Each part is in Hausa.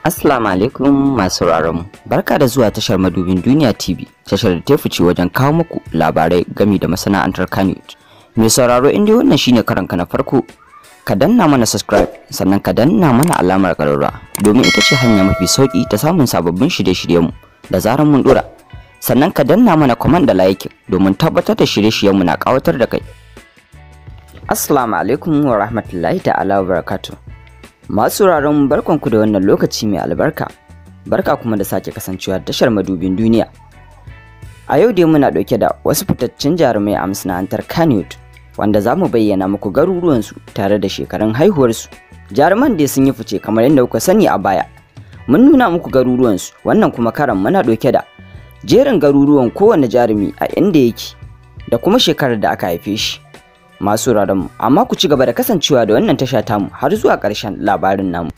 Assalamu alaikum masu mu barka da zuwa tashar madubin duniya TV tashar da ta fice wajen kawo muku labarai gami da masana'antar Kanut. Mai sauraro inda wannan shine karanka na farko ka danna mana subscribe sannan ka danna mana alamar kararra domin ita ce hanya mafi sauki ta samun sababbin shirye-shiryen mu da zarar mun dura. sannan ka danna mana comment da like domin tabbatar da shirye-shiryen mu na kawatar da kai Assalamu alaikum wa rahmatullahi ta'ala wa barakatuh Masu sauraron ku da wannan lokaci mai albarka. Barka kuma da sake kasancewa tashar madubin duniya. A yau dai muna ɗauke da wasu fitaccen jarumai a masana'antar kanut wanda za mu bayyana muku garuruwansu tare da shekarun haihuwarsu. Jaruman dai sun yi fice kamar yadda kuka sani a baya. Mun nuna muku garuruwansu, wannan kuma karan muna ɗauke da jerin garuruwan kowane jarumi a inda yake da kuma shekarar da aka haife shi. masu mu amma ku ci gaba da kasancewa da wannan tasha tamu har zuwa ƙarshen labarin namu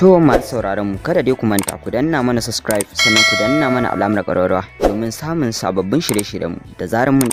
To masu sauraron mu kada dai ku manta ku danna mana subscribe sannan ku danna mana alamar ƙararrawa domin samun sababbin shirye-shiryen mu da zarar mun